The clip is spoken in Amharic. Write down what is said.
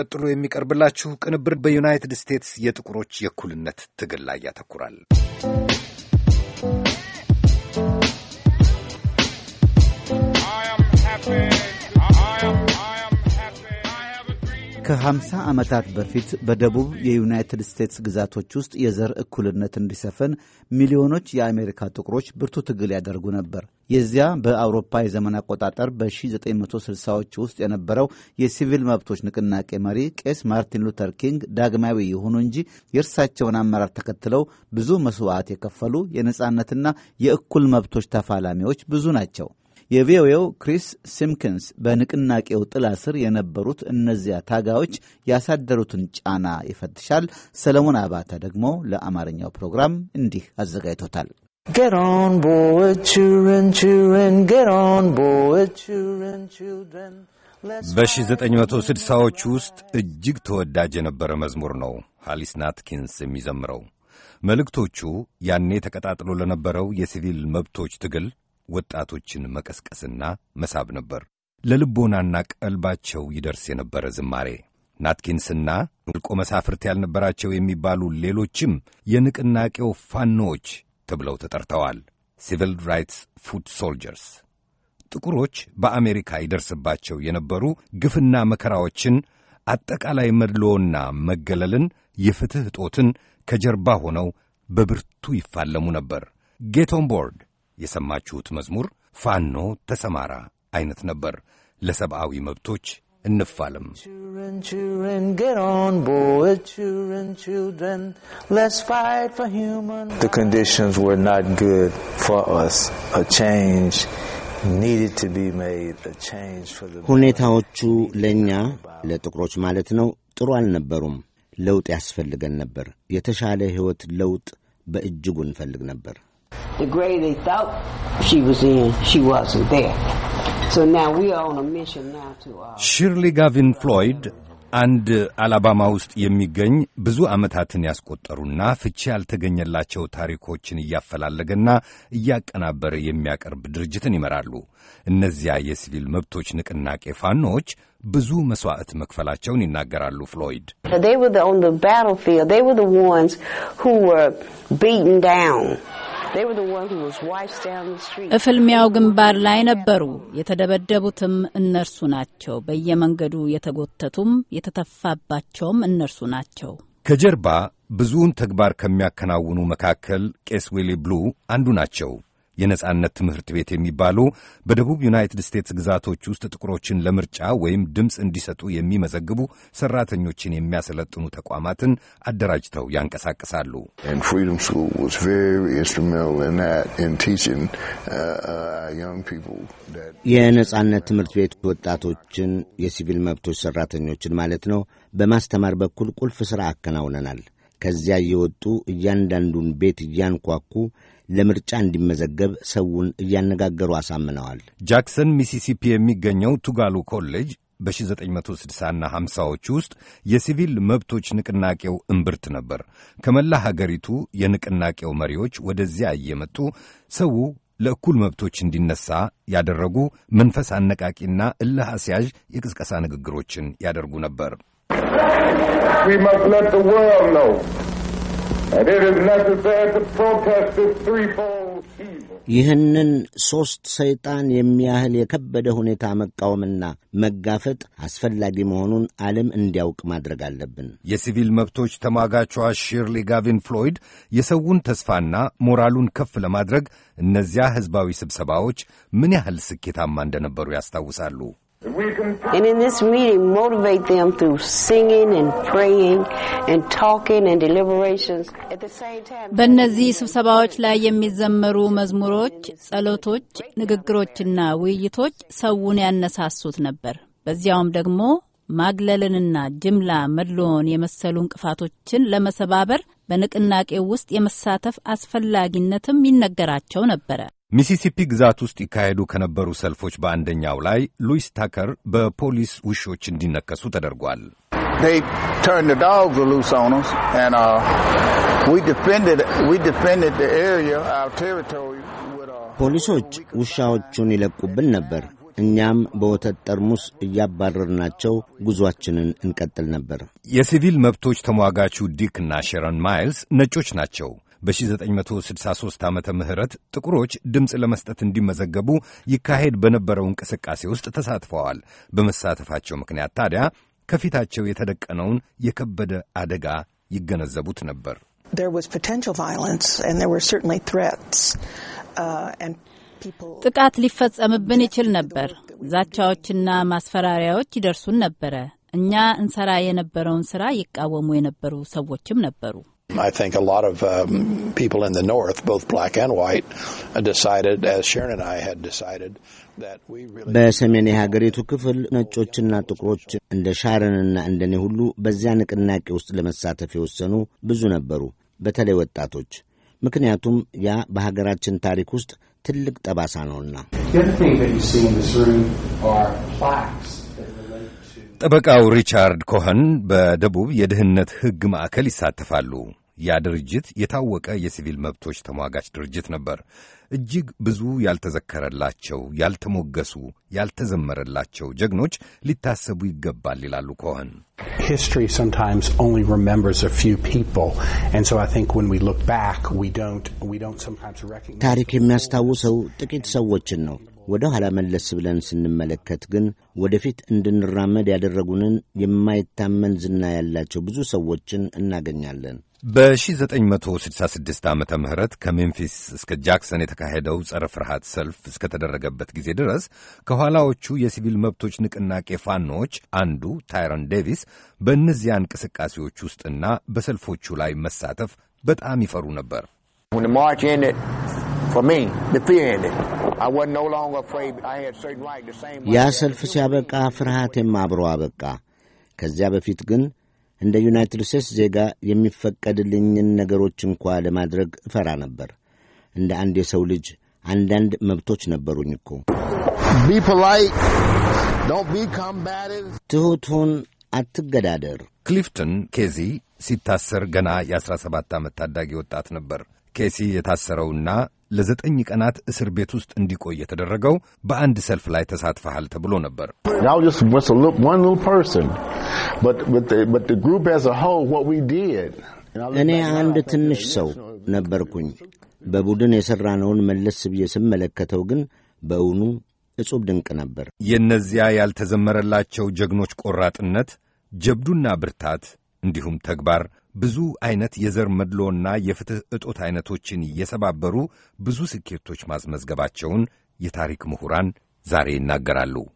ቀጥሎ የሚቀርብላችሁ ቅንብር በዩናይትድ ስቴትስ የጥቁሮች የእኩልነት ትግል ላይ ያተኩራል። ከ50 ዓመታት በፊት በደቡብ የዩናይትድ ስቴትስ ግዛቶች ውስጥ የዘር እኩልነት እንዲሰፍን ሚሊዮኖች የአሜሪካ ጥቁሮች ብርቱ ትግል ያደርጉ ነበር። የዚያ በአውሮፓ የዘመን አቆጣጠር በ1960ዎች ውስጥ የነበረው የሲቪል መብቶች ንቅናቄ መሪ ቄስ ማርቲን ሉተር ኪንግ ዳግማዊ የሆኑ እንጂ የእርሳቸውን አመራር ተከትለው ብዙ መስዋዕት የከፈሉ የነጻነትና የእኩል መብቶች ተፋላሚዎች ብዙ ናቸው። የቪኦኤው ክሪስ ሲምኪንስ በንቅናቄው ጥላ ስር የነበሩት እነዚያ ታጋዮች ያሳደሩትን ጫና ይፈትሻል። ሰለሞን አባተ ደግሞ ለአማርኛው ፕሮግራም እንዲህ አዘጋጅቶታል። በ1960ዎቹ ውስጥ እጅግ ተወዳጅ የነበረ መዝሙር ነው ሃሊስ ናትኪንስ የሚዘምረው መልእክቶቹ ያኔ ተቀጣጥሎ ለነበረው የሲቪል መብቶች ትግል ወጣቶችን መቀስቀስና መሳብ ነበር። ለልቦናና ቀልባቸው ይደርስ የነበረ ዝማሬ ናትኪንስና እልቆ መሳፍርት ያልነበራቸው የሚባሉ ሌሎችም የንቅናቄው ፋኖዎች ተብለው ተጠርተዋል። ሲቪል ራይትስ ፉድ ሶልጀርስ ጥቁሮች በአሜሪካ ይደርስባቸው የነበሩ ግፍና መከራዎችን፣ አጠቃላይ መድሎና መገለልን፣ የፍትሕ እጦትን ከጀርባ ሆነው በብርቱ ይፋለሙ ነበር። ጌት ቦርድ የሰማችሁት መዝሙር ፋኖ ተሰማራ አይነት ነበር። ለሰብአዊ መብቶች እንፋለም። ሁኔታዎቹ ለእኛ ለጥቁሮች ማለት ነው ጥሩ አልነበሩም። ለውጥ ያስፈልገን ነበር። የተሻለ ሕይወት ለውጥ በእጅጉ እንፈልግ ነበር። the grave they thought she was in, she wasn't there. So now we are on a mission now to uh, Shirley Gavin Floyd አንድ አላባማ ውስጥ የሚገኝ ብዙ ዓመታትን ያስቆጠሩና ፍቺ ያልተገኘላቸው ታሪኮችን እያፈላለገና እያቀናበረ የሚያቀርብ ድርጅትን ይመራሉ። እነዚያ የሲቪል መብቶች ንቅናቄ ፋኖዎች ብዙ መስዋዕት መክፈላቸውን ይናገራሉ። ፍሎይድ they were on the battlefield they were the ones who were beaten down እፍልሚያው ግንባር ላይ ነበሩ። የተደበደቡትም እነርሱ ናቸው። በየመንገዱ የተጎተቱም የተተፋባቸውም እነርሱ ናቸው። ከጀርባ ብዙውን ተግባር ከሚያከናውኑ መካከል ቄስ ዊሊ ብሉ አንዱ ናቸው። የነጻነት ትምህርት ቤት የሚባሉ በደቡብ ዩናይትድ ስቴትስ ግዛቶች ውስጥ ጥቁሮችን ለምርጫ ወይም ድምፅ እንዲሰጡ የሚመዘግቡ ሰራተኞችን የሚያሰለጥኑ ተቋማትን አደራጅተው ያንቀሳቅሳሉ። uh, uh, የነጻነት ትምህርት ቤት ወጣቶችን፣ የሲቪል መብቶች ሰራተኞችን ማለት ነው፣ በማስተማር በኩል ቁልፍ ሥራ አከናውነናል። ከዚያ እየወጡ እያንዳንዱን ቤት እያንኳኩ ለምርጫ እንዲመዘገብ ሰውን እያነጋገሩ አሳምነዋል። ጃክሰን ሚሲሲፒ የሚገኘው ቱጋሉ ኮሌጅ በ1960ና 50ዎች ውስጥ የሲቪል መብቶች ንቅናቄው እምብርት ነበር። ከመላ ሀገሪቱ የንቅናቄው መሪዎች ወደዚያ እየመጡ ሰው ለእኩል መብቶች እንዲነሳ ያደረጉ መንፈስ አነቃቂና እልህ አስያዥ የቅስቀሳ ንግግሮችን ያደርጉ ነበር። ይህንን ሦስት ሰይጣን የሚያህል የከበደ ሁኔታ መቃወምና መጋፈጥ አስፈላጊ መሆኑን ዓለም እንዲያውቅ ማድረግ አለብን። የሲቪል መብቶች ተሟጋቿ ሺርሊ ጋቪን ፍሎይድ የሰውን ተስፋና ሞራሉን ከፍ ለማድረግ እነዚያ ሕዝባዊ ስብሰባዎች ምን ያህል ስኬታማ እንደነበሩ ያስታውሳሉ። And in this meeting, motivate them through singing and praying and talking and deliberations. በእነዚህ ስብሰባዎች ላይ የሚዘመሩ መዝሙሮች፣ ጸሎቶች፣ ንግግሮችና ውይይቶች ሰውን ያነሳሱት ነበር። በዚያውም ደግሞ ማግለልንና ጅምላ መድሎን የመሰሉ እንቅፋቶችን ለመሰባበር በንቅናቄው ውስጥ የመሳተፍ አስፈላጊነትም ይነገራቸው ነበረ። ሚሲሲፒ ግዛት ውስጥ ይካሄዱ ከነበሩ ሰልፎች በአንደኛው ላይ ሉዊስ ታከር በፖሊስ ውሾች እንዲነከሱ ተደርጓል። uh, uh, ፖሊሶች ውሻዎቹን ይለቁብን ነበር። እኛም በወተት ጠርሙስ እያባረርናቸው ጉዞአችንን እንቀጥል ነበር። የሲቪል መብቶች ተሟጋቹ ዲክ እና ሼረን ማይልስ ነጮች ናቸው። በ1963 ዓመተ ምህረት ጥቁሮች ድምፅ ለመስጠት እንዲመዘገቡ ይካሄድ በነበረው እንቅስቃሴ ውስጥ ተሳትፈዋል። በመሳተፋቸው ምክንያት ታዲያ ከፊታቸው የተደቀነውን የከበደ አደጋ ይገነዘቡት ነበር። uh, ጥቃት ሊፈጸምብን ይችል ነበር። ዛቻዎችና ማስፈራሪያዎች ይደርሱን ነበረ። እኛ እንሰራ የነበረውን ስራ ይቃወሙ የነበሩ ሰዎችም ነበሩ። I think a lot of um, people in the North, both black and white, decided, as Sharon and I had decided, በሰሜን የሀገሪቱ ክፍል ነጮችና ጥቁሮች እንደ ሻረንና እንደ እንደኔ ሁሉ በዚያ ንቅናቄ ውስጥ ለመሳተፍ የወሰኑ ብዙ ነበሩ፣ በተለይ ወጣቶች። ምክንያቱም ያ በሀገራችን ታሪክ ውስጥ ትልቅ ጠባሳ ነውና። ጠበቃው ሪቻርድ ኮኸን በደቡብ የድህነት ሕግ ማዕከል ይሳተፋሉ። ያ ድርጅት የታወቀ የሲቪል መብቶች ተሟጋች ድርጅት ነበር። እጅግ ብዙ ያልተዘከረላቸው፣ ያልተሞገሱ፣ ያልተዘመረላቸው ጀግኖች ሊታሰቡ ይገባል ይላሉ ኮኸን። ታሪክ የሚያስታውሰው ጥቂት ሰዎችን ነው። ወደ ኋላ መለስ ብለን ስንመለከት ግን ወደፊት እንድንራመድ ያደረጉንን የማይታመን ዝና ያላቸው ብዙ ሰዎችን እናገኛለን። በ1966 ዓ ም ከሜምፊስ እስከ ጃክሰን የተካሄደው ጸረ ፍርሃት ሰልፍ እስከተደረገበት ጊዜ ድረስ ከኋላዎቹ የሲቪል መብቶች ንቅናቄ ፋኖዎች አንዱ ታይረን ዴቪስ በእነዚያ እንቅስቃሴዎች ውስጥና በሰልፎቹ ላይ መሳተፍ በጣም ይፈሩ ነበር። ያ ሰልፍ ሲያበቃ ፍርሃቴም አብሮ አበቃ። ከዚያ በፊት ግን እንደ ዩናይትድ ስቴትስ ዜጋ የሚፈቀድልኝን ነገሮች እንኳ ለማድረግ እፈራ ነበር። እንደ አንድ የሰው ልጅ አንዳንድ መብቶች ነበሩኝ እኮ። ትሑቱን አትገዳደር። ክሊፍተን ኬዚ ሲታሰር ገና የ17 ዓመት ታዳጊ ወጣት ነበር። ኬሲ የታሰረውና ለዘጠኝ ቀናት እስር ቤት ውስጥ እንዲቆይ የተደረገው በአንድ ሰልፍ ላይ ተሳትፈሃል ተብሎ ነበር። እኔ አንድ ትንሽ ሰው ነበርኩኝ። በቡድን የሠራነውን መለስ ብዬ ስመለከተው ግን በእውኑ እጹብ ድንቅ ነበር። የእነዚያ ያልተዘመረላቸው ጀግኖች ቆራጥነት፣ ጀብዱና ብርታት እንዲሁም ተግባር ብዙ አይነት የዘር መድሎና የፍትሕ እጦት አይነቶችን እየሰባበሩ ብዙ ስኬቶች ማስመዝገባቸውን የታሪክ ምሁራን ዛሬ ይናገራሉ።